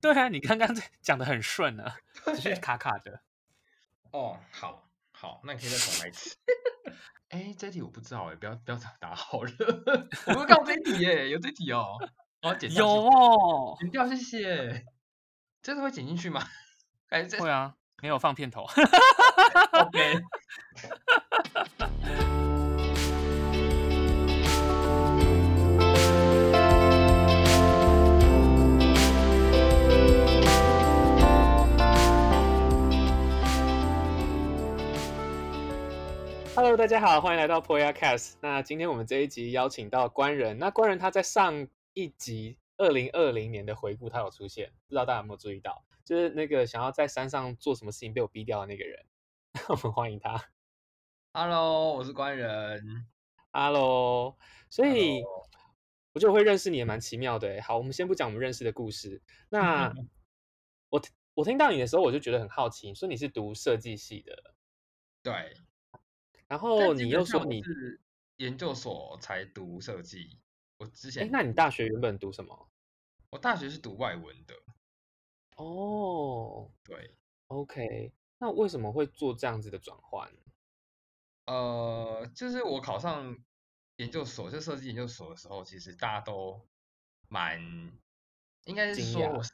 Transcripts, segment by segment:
對啊，你剛剛講得很順啊只對是卡卡的。哦，好，好，那你可以再重來一次。哎， 這題我不知道哎、欸，不要不要打打好了， 我會搞這題哎、欸，有這題哦，我要剪。有哦，剪掉，謝謝，這次會剪進去嗎？哎，這會啊，沒有放片頭。哈哈哈哈 OK, okay.。 Hello，大家好，歡迎來到 Poyacast。那今天我們這一集邀請到官人，那官人他在上一集二零二零年的回顧，他有出現，不知道大家有沒有注意到，就是那個想要在山上做什麼事情被我逼掉的那個人。 我們歡迎他。Hello，我是官人。Hello，所以 Hello. 我就會認識你也蠻奇妙的。好，我們先不講我們認識的故事。那、嗯、我我聽到你的時候，我就覺得很好奇，你說你是讀設計系的，對。然後你又說你，你是研究所才讀設計，我之前，誒，那你大學原本讀什麼？我大學是讀外文的。哦，對，OK，那為什麼會做這樣子的轉換？呃，就是我考上研究所，就設計研究所的時候，其實大家都蠻，應該是說我是。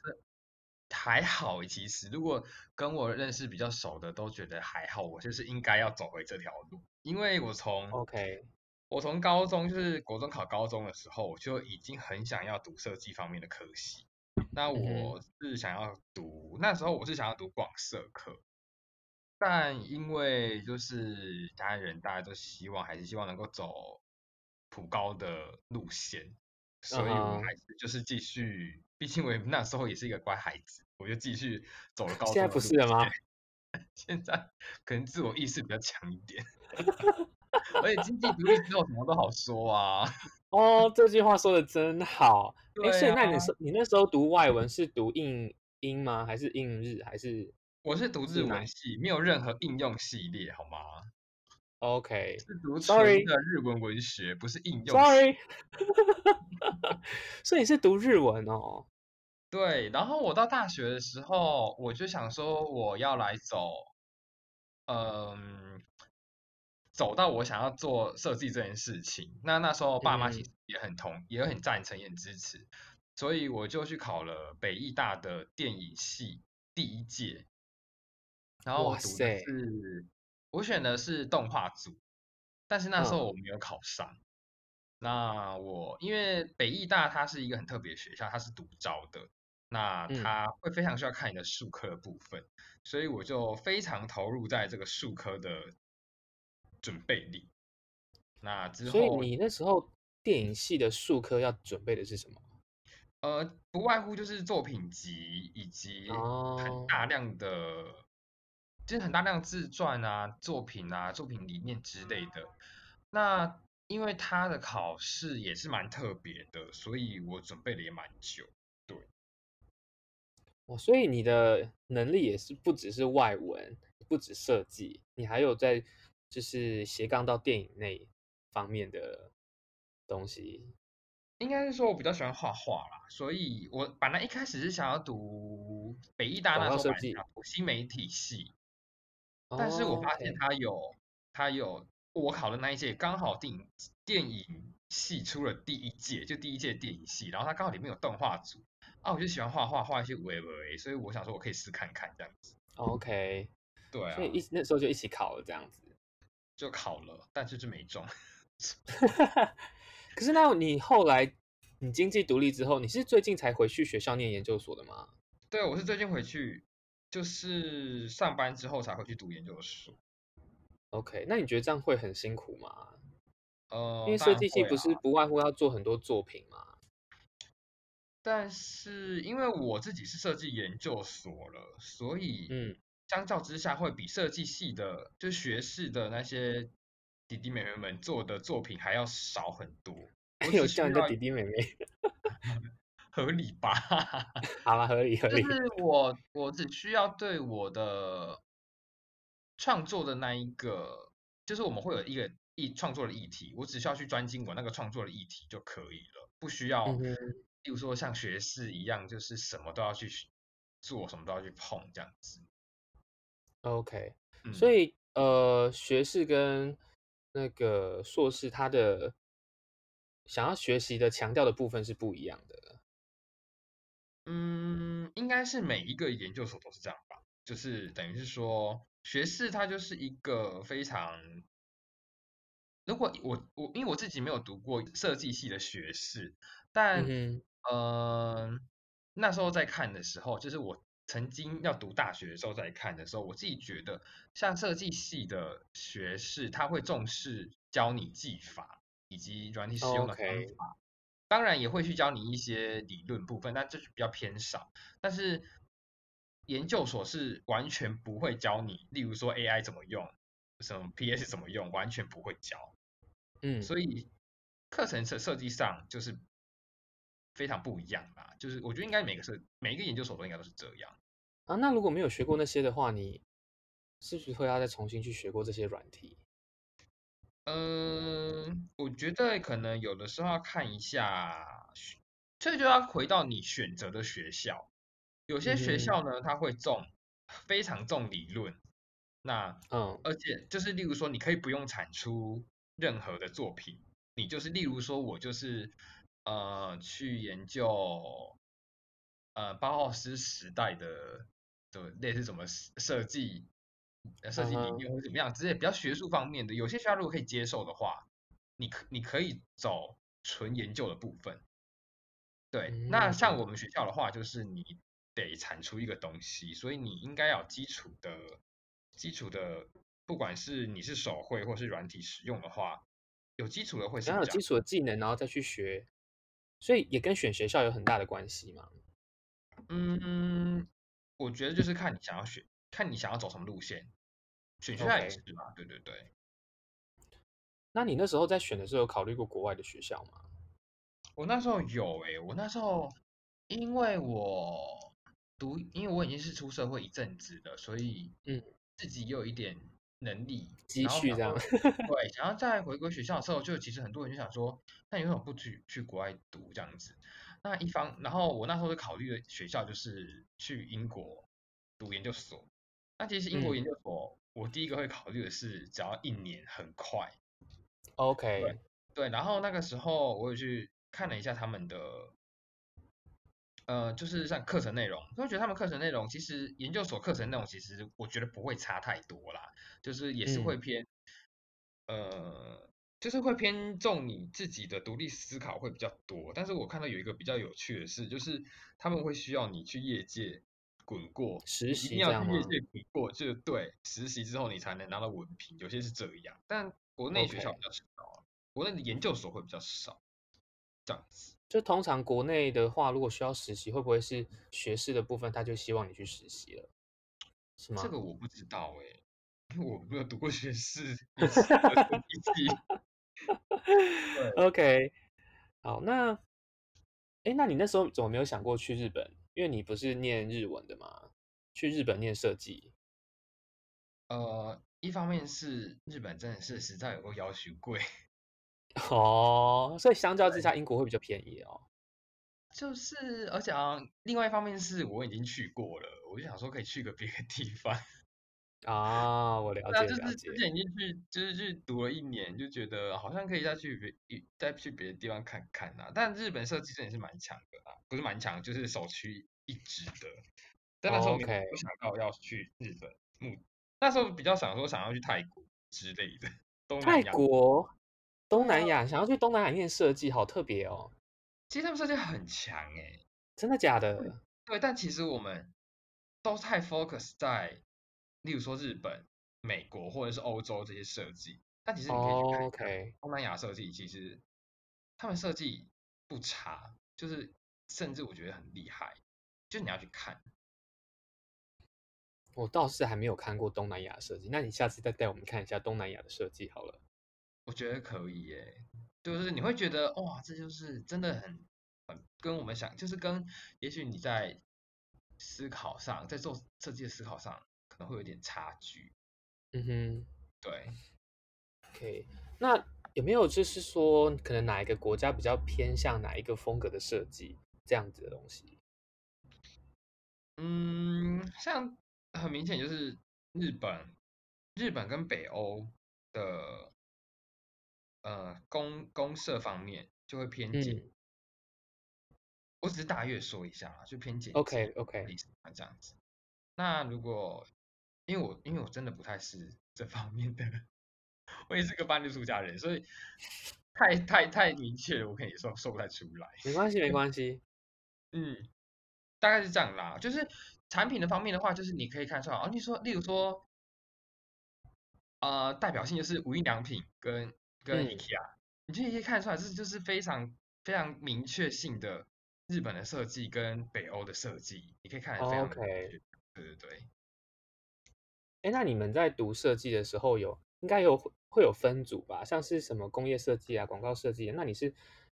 還好，其實如果跟我認識比較熟的，都覺得還好。我就是應該要走回這條路，因為我從，OK，我從高中就是國中考高中的時候，我就已經很想要讀設計方面的科系。那我是想要讀，mm hmm. 那時候我是想要讀廣設科，但因為就是家人，大家都希望還是希望能夠走普高的路線，所以我們還是就是繼續，uh. 畢竟我那時候也是一個乖孩子。我就繼續走了高。現在不是了嗎？現在可能自我意識比較強一點， 而且經濟獨立之後什麼都好說啊。哦，這句話說的真好。哎、啊，所以那你說，你那時候讀外文是讀應英嗎？還是應日？還是我是讀日文系，沒有任何應用系列，好嗎？OK，是讀純的日文文學，Sorry. 不是應用。Sorry， 所以你是讀日文哦。對，然後我到大學的時候，我就想說我要來走，嗯，走到我想要做設計這件事情。那那時候爸媽其實也很同，嗯、也很贊成，也很支持，所以我就去考了北藝大的電影系第一屆，然後我讀的是，塞我選的是動畫組，但是那時候我沒有考上。哇那我因為北藝大它是一個很特別的學校，它是獨招的。那他會非常需要看你的術科的部分，嗯、所以我就非常投入在這個術科的準備裡。那之後，所以你那時候電影系的術科要準備的是什麼？呃，不外乎就是作品集以及很大量的，哦、就是很大量的自傳啊、作品啊、作品理念之類的。那因為他的考試也是蠻特別的，所以我準備的也蠻久。哦，所以你的能力也是不只是外文，不止設計，你還有在就是斜槓到電影那方面的東西。應該是說我比較喜歡畫畫啦，所以我本來一開始是想要讀北藝大那種新媒體系，哦、但是我發現它有它、哦、有，他有我考的那一屆剛好電影電影系出了第一屆，就第一屆電影系，然後它剛好裡面有動畫組。啊，我就喜歡畫畫，畫一些維維，所以我想說，我可以試看看這樣子。OK，對啊，所以一那時候就一起考了，這樣子就考了，但就是就沒中。 可是，那你後來你經濟獨立之後，你是最近才回去學校念研究所的嗎？對，我是最近回去，就是上班之後才回去讀研究所。OK，那你覺得這樣會很辛苦嗎？哦、呃，因為設計系不是不外乎要做很多作品嘛。但是因為我自己是設計研究所了，所以嗯，相較之下會比設計系的就學士的那些弟弟妹妹們做的作品還要少很多。有一個弟弟妹妹， 合理吧？好吧，合理合理。就是我我只需要對我的創作的那一個，就是我們會有一個一創作的議題，我只需要去專精我那個創作的議題就可以了，不需要。嗯比如說像學士一樣，就是什麼都要去做，什麼都要去碰這樣子。OK，嗯，所以呃，學士跟那個碩士，他的想要學習的強調的部分是不一樣的。嗯，應該是每一個研究所都是這樣吧？就是等於是說學士他就是一個非常……如果我我因為我自己沒有讀過設計系的學士，但，嗯。嗯、呃，那時候在看的時候，就是我曾經要讀大學的時候在看的時候，我自己覺得，像設計系的學士，他會重視教你技法以及軟體使用的方法，Okay. 當然也會去教你一些理論部分，但就是比較偏少。但是研究所是完全不會教你，例如說 AI 怎麼用，什麼 PS 怎麼用，完全不會教。嗯，所以課程設設計上就是。非常不一樣吧，就是我覺得應該每個是每一個研究所都應該都是這樣啊。那如果沒有學過那些的話，你是不是會要再重新去學過這些軟體？嗯，我覺得可能有的時候要看一下，這就要回到你選擇的學校。有些學校呢，嗯，它會重非常重理論，那嗯，而且就是例如說，你可以不用產出任何的作品，你就是例如說我就是。呃，去研究呃，包豪斯時代的對，類似什麼設計設計理念或怎麼樣，這些、uh huh. 比較學術方面的。有些學校如果可以接受的話，你可你可以走純研究的部分。對，mm hmm. 那像我們學校的話，就是你得產出一個東西，所以你應該要有基礎的、基礎的，不管是你是手繪或是軟體使用的話，有基礎的會先有基礎的技能，然後再去學。所以也跟選學校有很大的關係嘛？嗯，我覺得就是看你想要選，看你想要走什麼路線，選學校也是吧。對對對。那你那時候在選的時候有考慮過國外的學校嗎？我那時候有哎、欸，我那時候因為我讀，因為我已經是出社會一陣子了，所以嗯，自己也有一點。能力積蓄這樣， 對，然後在回歸學校的時候，就其實很多人就想說，那你怎麼不去去國外讀這樣子？那一方，然後我那時候考慮的學校就是去英國讀研究所。那其實英國研究所，嗯、我第一個會考慮的是只要一年，很快。OK 對。對，然後那個時候我也去看了一下他們的。呃，就是像課程內容，我覺得他們課程內容其實，研究所課程內容其實，我覺得不會差太多啦，就是也是會偏，嗯、呃，就是會偏重你自己的獨立思考會比較多。但是我看到有一個比較有趣的事，就是他們會需要你去業界滾過實習，一定要業界滾過，就是對，實習之後你才能拿到文憑，有些是這樣，但國內學校比較少，Okay. 國內的研究所會比較少，這樣子。就通常國內的話，如果需要實習，會不會是學士的部分他就希望你去實習了，是嗎？這個我不知道哎、欸，因為我沒有讀過學士。哈哈哈哈 OK，好，那，哎，那你那時候怎麼沒有想過去日本？因為你不是念日文的嘛，去日本念設計。呃，一方面是日本真的是實在有夠要求貴。哦，oh, 所以相較之下，英國會比較便宜哦。就是，而且啊，另外一方面是我已經去過了，我就想說可以去個別的地方啊。Oh, 我了解了，那、啊、就是之前已經去，就是去讀了一年，就覺得好像可以再去別、再去別的地方看看啊。但日本設計真的是蠻強的啊，不是蠻強，就是首屈一指的。但那時候沒有想到要去日本，目，那時候比較想說想要去泰國之類的。泰國。東南亞、嗯、想要去東南亞念設計，好特別哦！其實他們設計很強誒、欸，真的假的對？對，但其實我們都太 focus 在，例如說日本、美國或者是歐洲這些設計，但其實你可以去看、oh, okay. 東南亞設計，其實他們設計不差，就是甚至我覺得很厲害，就你要去看。我倒是還沒有看過東南亞設計，那你下次再帶我們看一下東南亞的設計好了。我覺得可以耶，就是你會覺得哇，這就是真的很，很跟我們想，就是跟也許你在思考上，在做設計的思考上可能會有點差距。嗯哼，對。OK，那有沒有就是說，可能哪一個國家比較偏向哪一個風格的設計這樣子的東西？嗯，像很明顯就是日本，日本跟北歐的。呃，公公社方面就會偏簡，嗯、我只是大約說一下啊，就偏簡。O K O K。為這樣子？那如果因為我因為我真的不太是這方面的， 我也是個半路出家人，所以太太太明確了，我可以說說不太出來。沒關係沒關係，嗯，大概是這樣啦。就是產品的方面的話，就是你可以看出來，哦，你說例如說，啊、呃，代表性就是無印良品跟。跟 IKEA，嗯、你就可以看出來，這就是非常非常明確性的日本的設計跟北歐的設計，你可以看得非常明確 Okay. 對對對、欸。那你們在讀設計的時候有，應該有應該有會有分組吧？像是什麼工業設計啊、廣告設計、啊，那你是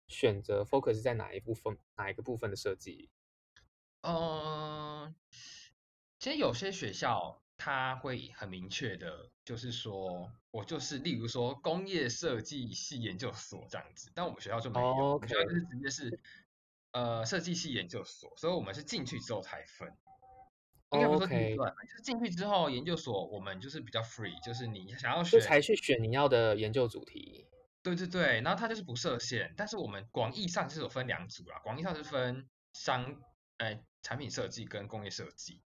選擇 focus 在哪一部分？哪一個部分的設計？嗯，其實有些學校。他會很明確的，就是說我就是，例如說工業設計系研究所這樣子，但我們學校就沒有，oh, okay. 我們學校就是直接是呃設計系研究所，所以我們是進去之後才分。應該不是、oh, okay. 就是進去之後研究所，我們就是比較 free，就是你想要選才去選你要的研究主題。對對對，然後它就是不設限，但是我們廣義上是有分兩組啦，廣義上是分商、呃、產品設計跟工業設計。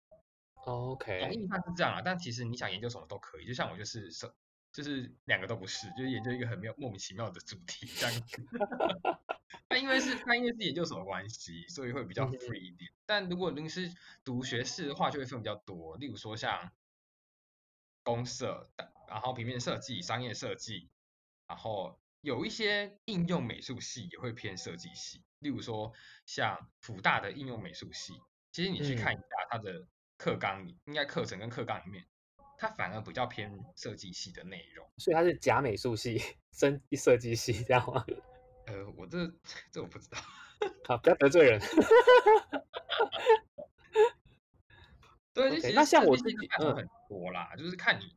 Oh, OK，統一他是這樣啊？但其實你想研究什麼都可以，就像我就是設，就是兩個都不是，就是研究一個很沒有莫名其妙的主題這樣子。他 因為是他因為是研究所的關係，所以會比較 free 一點。 但如果你是讀學士的話，就會分比較多。例如說像工設的，然後平面設計、商業設計，然後有一些應用美術系也會偏設計系。例如說像輔大的應用美術系，其實你去看一下它的、嗯。課綱裡應該課程跟課綱裡面，它反而比較偏設計系的內容，所以它是假美術系，真設計系，這樣嗎？呃，我這這我不知道，不要得罪人。 對，那像我自己看很多啦，嗯、就是看你，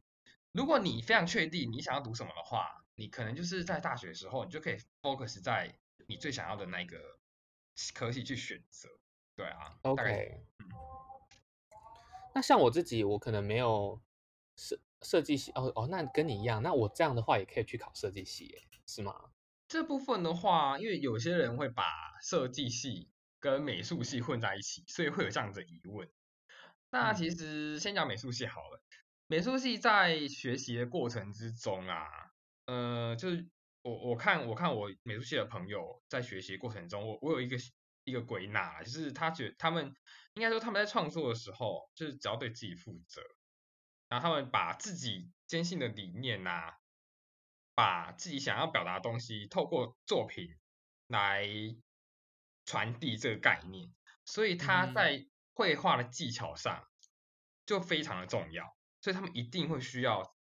如果你非常確定你想要讀什麼的話，你可能就是在大學的時候，你就可以 focus 在你最想要的那個科系去選擇。對啊，OK，嗯。那像我自己，我可能沒有設設計系哦哦，那跟你一樣，那我這樣的話也可以去考設計系，是嗎？這部分的話，因為有些人會把設計系跟美術系混在一起，所以會有這樣的疑問。那其實，嗯，先講美術系好了。美術系在學習的過程之中啊，呃，就是我我看我看我美術系的朋友在學習過程中，我我有一個。一個歸納啦就是，他覺他們應該說他們在創作的時候，就是只要對自己負責，然後他們把自己堅信的理念吶、啊，把自己想要表達的東西，透過作品來傳遞這個概念。所以他在繪畫的技巧上就非常的重要，所以他們一定會需要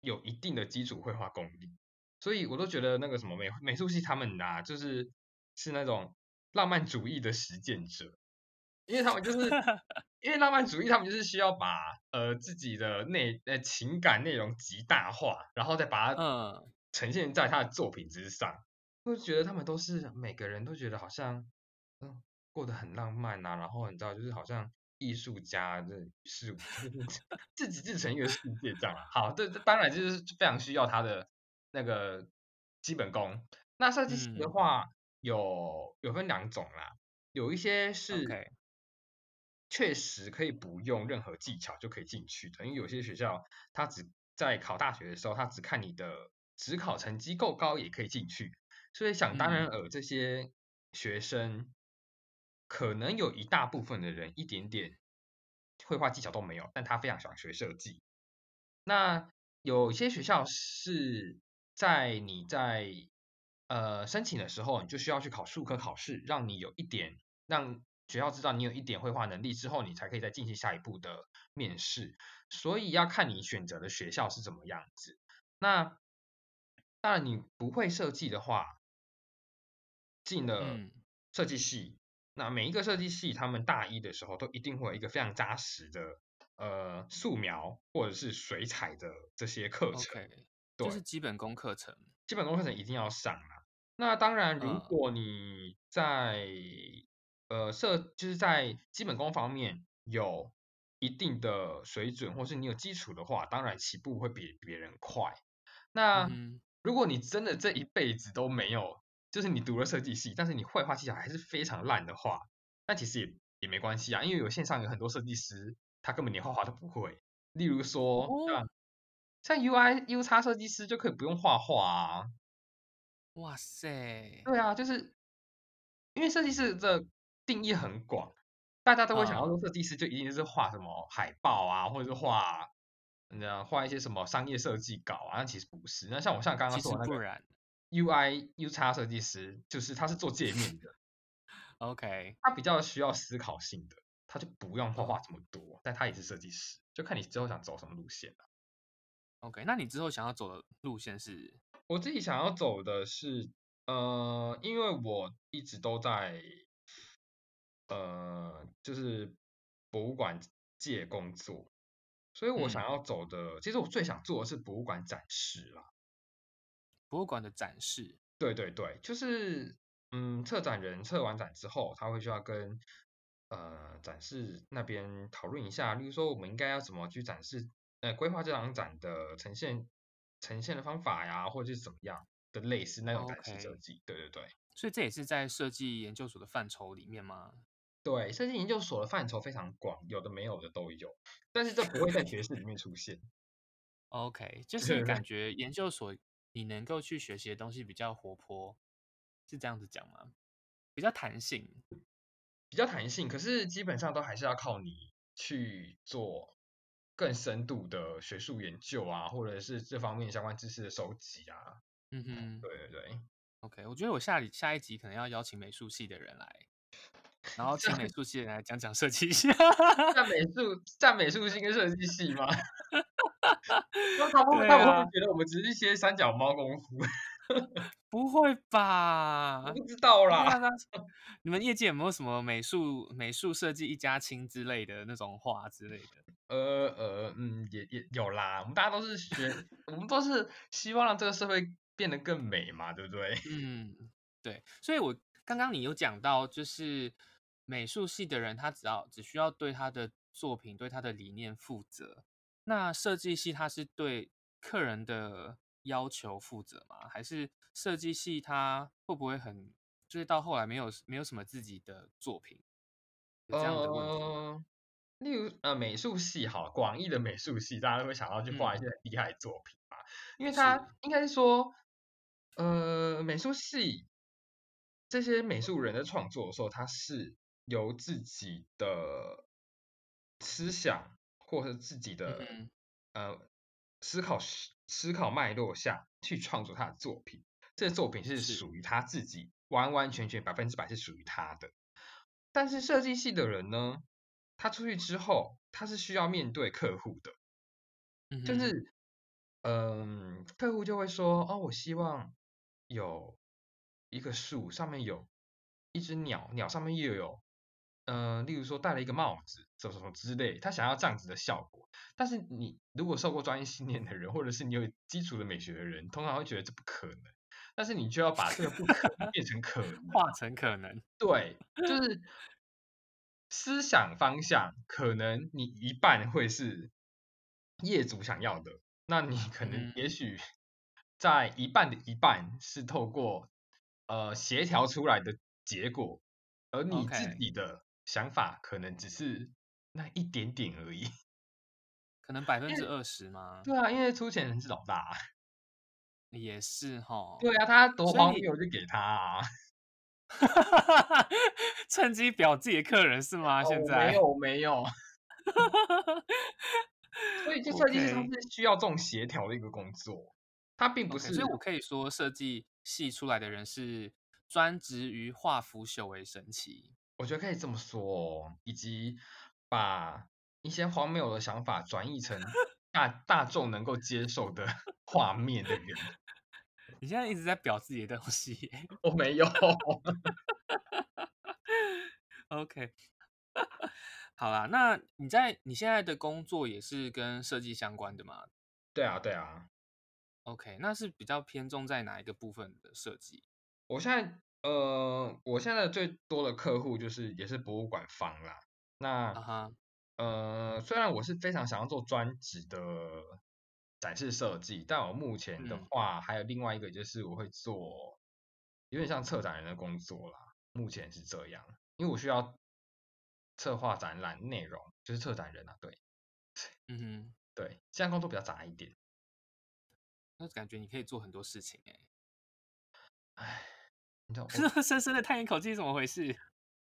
有一定的基礎繪畫功力。所以我都覺得那個什麼美美術系他們吶、啊，就是是那種。浪漫主義的實踐者，因為他們就是 因為浪漫主義，他們就是需要把呃自己的內呃情感內容極大化，然後再把它嗯呈現在他的作品之上。就、嗯、覺得他們都是每個人都覺得好像嗯、呃、過得很浪漫啊，然後你知道就是好像藝術家這、啊、是家、啊、就 自己自成一個世界這樣、啊。好，這當然就是非常需要他的那個基本功。那設計師的話。嗯有有分兩種啦，有一些是確實可以不用任何技巧就可以進去的，因為有些學校他只在考大學的時候，他只看你的指考成績夠高也可以進去，所以想當然耳、嗯、這些學生可能有一大部分的人一點點繪畫技巧都沒有，但他非常想學設計。那有些學校是在你在。呃，申請的時候你就需要去考術科考試，讓你有一點讓學校知道你有一點繪畫能力之後，你才可以再進行下一步的面試。所以要看你選擇的學校是怎麼樣子。那當然你不會設計的話，進了設計系，嗯、那每一個設計系他們大一的時候都一定會有一個非常扎實的呃素描或者是水彩的這些課程，Okay. 對，就是基本功課程，基本功課程一定要上啊。那當然，如果你在呃設就是在基本功方面有一定的水準，或是你有基礎的話，當然起步會比別人快。那、嗯、如果你真的這一輩子都沒有，就是你讀了設計系，但是你畫畫技巧還是非常爛的話，那其實也也沒關係啊，因為有線上有很多設計師，他根本連畫畫都不會。例如說，像、哦、UI UX 設計師就可以不用畫畫啊。哇塞！對啊，就是因為設計師的定義很廣，大家都會想要做設計師，就一定就是畫什麼海報啊，或者是畫那畫一些什麼商業設計稿啊。那其實不是，那像我像剛剛說的 UI UX 設計師，就是他是做界面的。OK，他比較需要思考性的，他就不用畫畫這麼多，但他也是設計師，就看你之後想走什麼路線啊。OK，那你之後想要走的路線是？我自己想要走的是，呃，因為我一直都在，呃，就是博物館界工作，所以我想要走的，嗯、其實我最想做的是博物館展示啦。博物館的展示？對對對，就是，嗯，策展人策完展之後，他會需要跟，呃，展示那邊討論一下，例如說我們應該要怎麼去展示，呃，規劃這檔展的呈現。呈現的方法呀，或者是怎麼樣的類似那種展示設計，Okay. 對對對，所以這也是在設計研究所的範疇裡面嗎？對，設計研究所的範疇非常廣，有的沒有的都有，但是這不會在學士裡面出現。 OK，就是你感覺研究所你能夠去學習的東西比較活潑，是這樣子講嗎？比較彈性，比較彈性，可是基本上都還是要靠你去做。更深度的學術研究啊，或者是這方面相關知識的收集啊，嗯哼，對對對，OK，我覺得我下下一集可能要邀請美術系的人來，然後請美術系的人來講講設計一下，在美術在美術系跟設計系嗎？那 他們那我、啊、會，會不會覺得我們只是一些三腳貓功夫。 不會吧？我不知道啦。剛剛剛你們業界有沒有什麼美術、美術設計一家親之類的那種話之類的？呃呃，嗯，也也有啦。我們大家都是學， 我們都是希望讓這個社會變得更美嘛，對不對？嗯，對。所以我剛剛你有講到，就是美術系的人，他只要只需要對他的作品、對他的理念負責。那設計系他是對客人的。要求負責嗎？還是設計系它，會不會很就是到後來沒有沒有什麼自己的作品，有這樣的問題嗎？呃？例如呃美術系哈，廣義的美術系，大家都會想到去畫一些很厲害的作品嘛，嗯、因為它應該是說是呃美術系這些美術人的創作的時候，它是由自己的思想或者自己的嗯嗯呃思考思考脈絡下去創作他的作品，這個、作品是屬於他自己，是完完全全百分之百是屬於他的。但是設計系的人呢，他出去之後，他是需要面對客戶的，嗯、哼就是，嗯、呃，客戶就會說，哦，我希望有一個樹，上面有一隻鳥，鳥上面又有。嗯、呃，例如說戴了一個帽子，什麼什麼之類，他想要這樣子的效果。但是你如果受過專業訓練的人，或者是你有基礎的美學的人，通常會覺得這不可能。但是你就要把這個不可能變成可能。 化成可能。對，就是思想方向，可能你一半會是業主想要的，那你可能也許在一半的一半是透過呃協調出來的結果，而你自己的。Okay. 想法可能只是那一點點而已，可能百分之二十嗎？對啊，因為出錢人是老大，也是哈。對啊，他多方便我就給他，啊。所以 趁機表自己的客人是嗎？哦、現在沒有沒有，沒有 所以這設計師是需要這種協調的一個工作，Okay. 他並不是。所以我可以說，設計系出來的人是專職於化腐朽為神奇。我覺得可以這麼說、哦，以及把一些荒謬的想法，轉譯成大大眾能夠接受的畫面的人。你現在一直在表自己的東西。我沒有。 OK，好啦，那你在你現在的工作也是跟設計相關的嗎？對啊，對啊。OK，那是比較偏重在哪一個部分的設計？我現在。呃，我現在最多的客戶就是也是博物館方啦。那、uh huh. 呃，雖然我是非常想要做專職的展示設計，但我目前的話、嗯、還有另外一個，就是我會做有點像策展人的工作啦。嗯、目前是這樣，因為我需要策劃展覽內容，就是策展人啊，對，嗯哼對，這項工作比較雜一點。那感覺你可以做很多事情哎、欸。深、哦、深深的嘆一口氣，怎麼回事？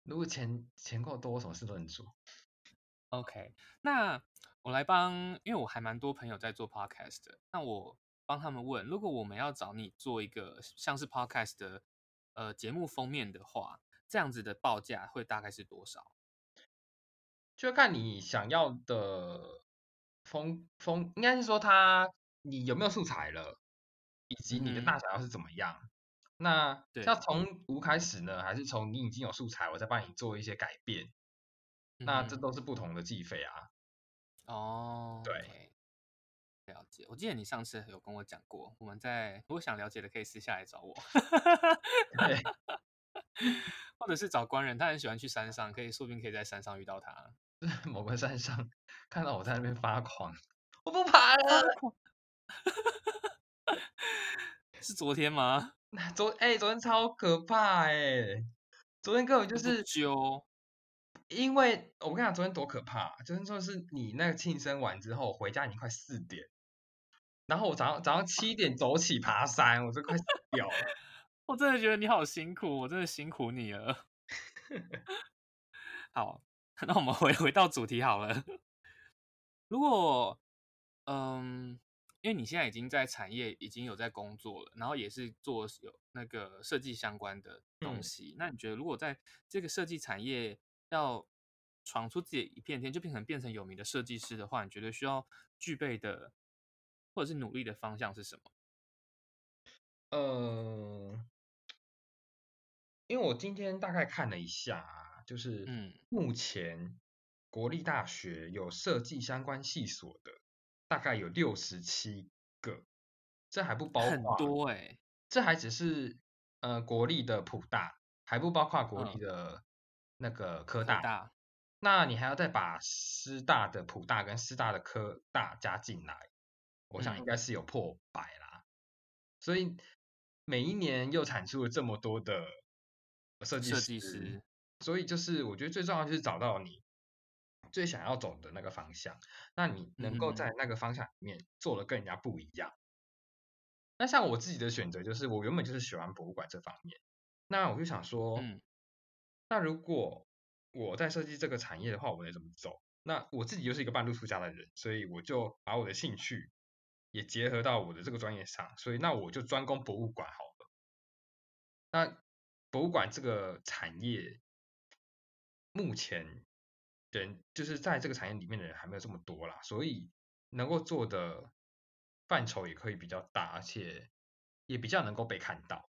如果錢錢夠多，我什麼事都能做。OK，那我來幫，因為我還蠻多朋友在做 Podcast 的，那我幫他們問，如果我們要找你做一個像是 Podcast 的呃節目封面的話，這樣子的報價會大概是多少？就看你想要的封封，應該是說他你有沒有素材了，以及你的大小要是怎麼樣。嗯那像從無開始呢，嗯、還是從你已經有素材，我再幫你做一些改變？嗯、哼那這都是不同的計費啊。哦，對，okay. 了解。我記得你上次有跟我講過，我們在如果想了解的，可以私下來找我。 對， 或者是找官人，他很喜歡去山上，可以說不定可以在山上遇到他。 在某個山上看到我在那邊發狂，我不爬了。 是昨天嗎？昨哎、欸，昨天超可怕哎、欸！昨天根本就是，久因為我跟你講，昨天多可怕！昨天就是你那個慶生完之後回家已經快四點，然後我早上早上七點走起爬山，我就快死掉了。 我真的覺得你好辛苦，我真的辛苦你了。 好，那我們回回到主題好了。如果，嗯。因為你現在已經在產業已經有在工作了，然後也是做有那個設計相關的東西。嗯，那你覺得如果在這個設計產業要闖出自己一片天，就變成變成有名的設計師的話，你覺得需要具備的或者是努力的方向是什麼？呃，因為我今天大概看了一下，啊，就是嗯目前國立大學有設計相關系所的。大概有六十七個，這還不包括很多，欸，這還只是呃國立的普大，還不包括國立的，嗯，那個科大，科大，那你還要再把師大的普大跟師大的科大加進來，我想應該是有破百啦。嗯，所以每一年又產出了這麼多的設計師，設計師，所以就是我覺得最重要就是找到你最想要走的那個方向，那你能夠在那個方向裡面做的跟人家不一樣。嗯、那像我自己的選擇，就是我原本就是喜歡博物館這方面，那我就想說，嗯、那如果我在設計這個產業的話，我得怎麼走？那我自己就是一個半路出家的人，所以我就把我的興趣也結合到我的這個專業上，所以那我就專攻博物館好了。那博物館這個產業目前，人就是在這個產業裡面的人還沒有這麼多啦。所以能夠做的範疇也可以比較大，而且也比較能夠被看到。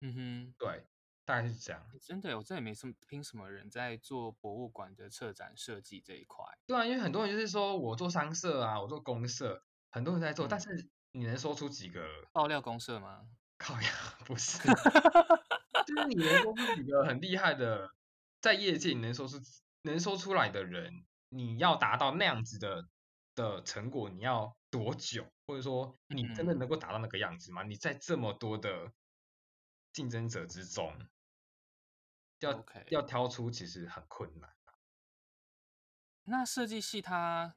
嗯哼，對，大概是這樣。欸、真的，我真也沒什麼聽什麼人在做博物館的策展設計這一塊。對啊，因為很多人就是說我做商社啊，我做公社，很多人在做，嗯、但是你能說出幾個爆料公社嗎？靠呀，不是， 就是你能說出幾個很厲害的，在業界你能說出。能說出來的人，你要達到那樣子的的成果，你要多久？或者說，你真的能夠達到那個樣子嗎？嗯嗯，你在這麼多的競爭者之中，要 Okay 要挑出，其實很困難。那設計系它，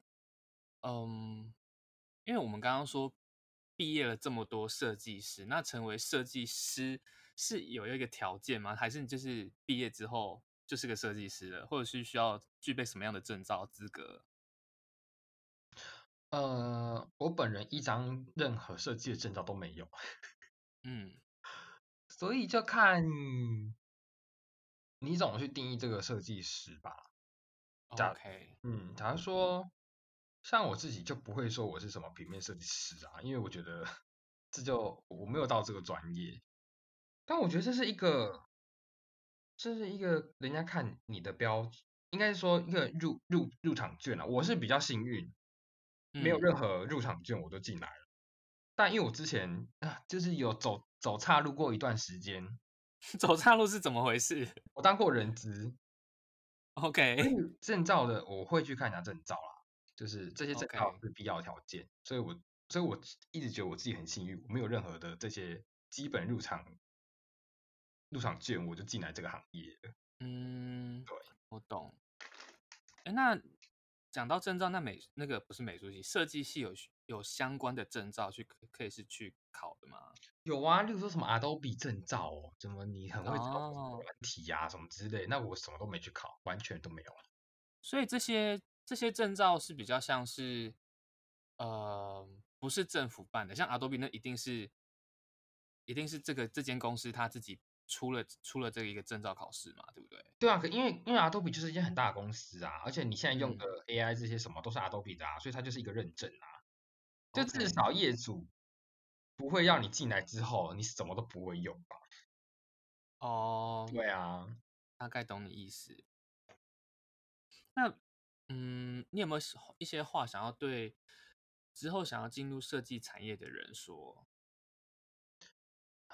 嗯，因為我們剛剛說畢業了這麼多設計師，那成為設計師是有一個條件嗎？還是你就是畢業之後？就是個設計師了，或者是需要具備什麼樣的證照資格？呃，我本人一張任何設計的證照都沒有。 嗯，所以就看你怎麼去定義這個設計師吧。OK，嗯，假如說 Okay. 像我自己就不會說我是什麼平面設計師啊，因為我覺得這就，我沒有到這個專業，但我覺得這是一個。這是一個人家看你的標誌，應該是說一個入入入場券啊。我是比較幸運，沒有任何入場券我都進來了。嗯，但因為我之前，啊，就是有走走岔路過一段時間。走岔路是怎麼回事？我當過人資。OK。證照的我會去看一下證照啦，就是這些證照是必要的條件，Okay 所以我所以我一直覺得我自己很幸運，我沒有任何的這些基本入場。入場券我就進來這個行業。嗯，對，我懂。哎，那講到證照，那美那個不是美術系設計系有有相關的證照去可以是去考的嗎？有啊，例如說什麼 Adobe 證照哦，怎麼你很會考問題呀什麼之類？哦，那我什麼都沒去考，完全都沒有啊。所以這些這些證照是比較像是呃，不是政府辦的，像 Adobe 那一定是一定是這個這間公司他自己。出了出了這個一個證照考試嘛，對不對？對啊，可因為因為 Adobe 就是一間很大的公司啊，而且你現在用的 AI 這些什麼都是 Adobe 的啊，所以它就是一個認證啊，嗯、就至少業主不會讓你進來之後你什麼都不會用吧？哦，oh, 對啊，大概懂你意思。那嗯，你有沒有一些話想要對之後想要進入設計產業的人說？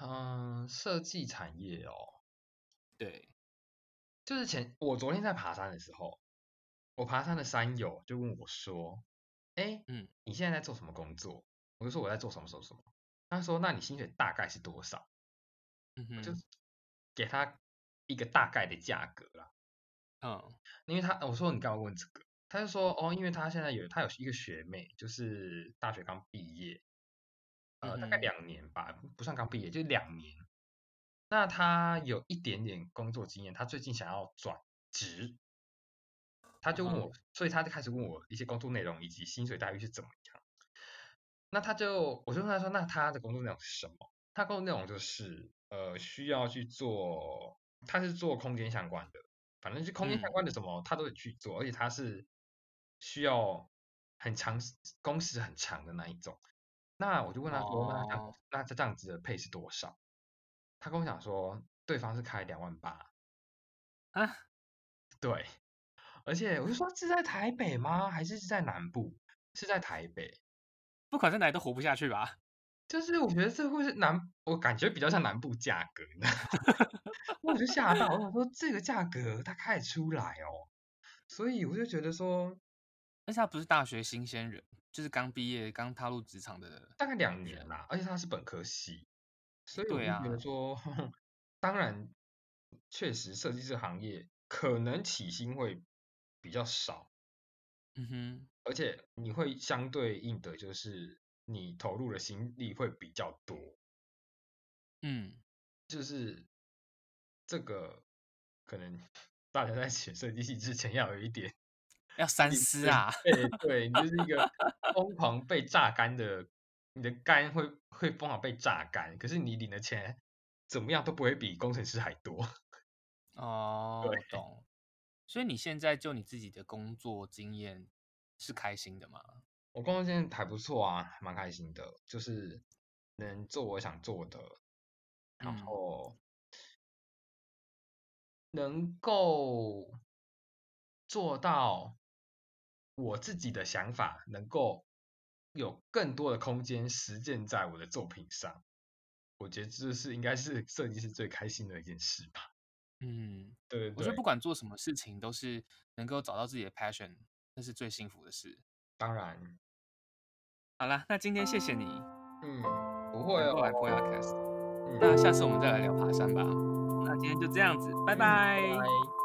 嗯，設計產業哦，對，就是前我昨天在爬山的時候，我爬山的山友就問我說，哎、欸，嗯，你現在在做什麼工作？我就說我在做什麼什麼什麼，他說，那你薪水大概是多少？嗯哼，我就給他一個大概的價格啦。嗯，因為他我說，你幹嘛問這個？他就說哦，因為他現在有他有一個學妹，就是大學剛畢業。呃，大概兩年吧，不算剛畢業就兩年。那他有一點點工作經驗，他最近想要轉職，他就問我，嗯、所以他就開始問我一些工作內容以及薪水待遇是怎麼樣。那他就，我就問他說，那他的工作內容是什麼？他工作內容就是，呃，需要去做，他是做空間相關的，反正就是空間相關的什麼、嗯、他都會去做，而且他是需要很長，工時很長的那一種。那我就問他說，那那這樣子的配是多少？Oh. 他跟我講說，對方是開兩萬八啊，對，而且我就說，是在台北嗎？還是，是在南部？是在台北，不管在哪裡都活不下去吧。就是我覺得這會是南，我感覺比較像南部價格， 我就嚇到，我想說這個價格他開出來哦，所以我就覺得說，但是他不是大學新鮮人。就是剛畢業，剛踏入職場的，大概兩年啦，對而且他是本科系，所以我覺得說，啊、呵呵當然，確實設計這行業可能起薪會比較少，嗯哼，而且你會相對應的就是你投入的心力會比較多。嗯，就是這個可能大家在選設計系之前要有一點。 要三思啊！對對，你就是一個瘋狂被榨乾的， 你的肝會會瘋狂被榨乾。可是你領的錢怎麼樣都不會比工程師還多。哦，對懂。所以你現在就你自己的工作經驗是開心的嗎？我工作經驗還不錯啊，還蠻開心的，就是能做我想做的，嗯、然後能夠做到。我自己的想法能夠有更多的空間實踐在我的作品上，我覺得這是應該是設計師最開心的一件事吧。嗯，對，對，我覺得不管做什麼事情，都是能夠找到自己的 passion，那是最幸福的事。當然，好了，那今天謝謝你。嗯，不會、哦，然後來 Poyacast、嗯、那下次我們再來聊爬山吧。那今天就這樣子，嗯、拜拜。嗯，拜拜。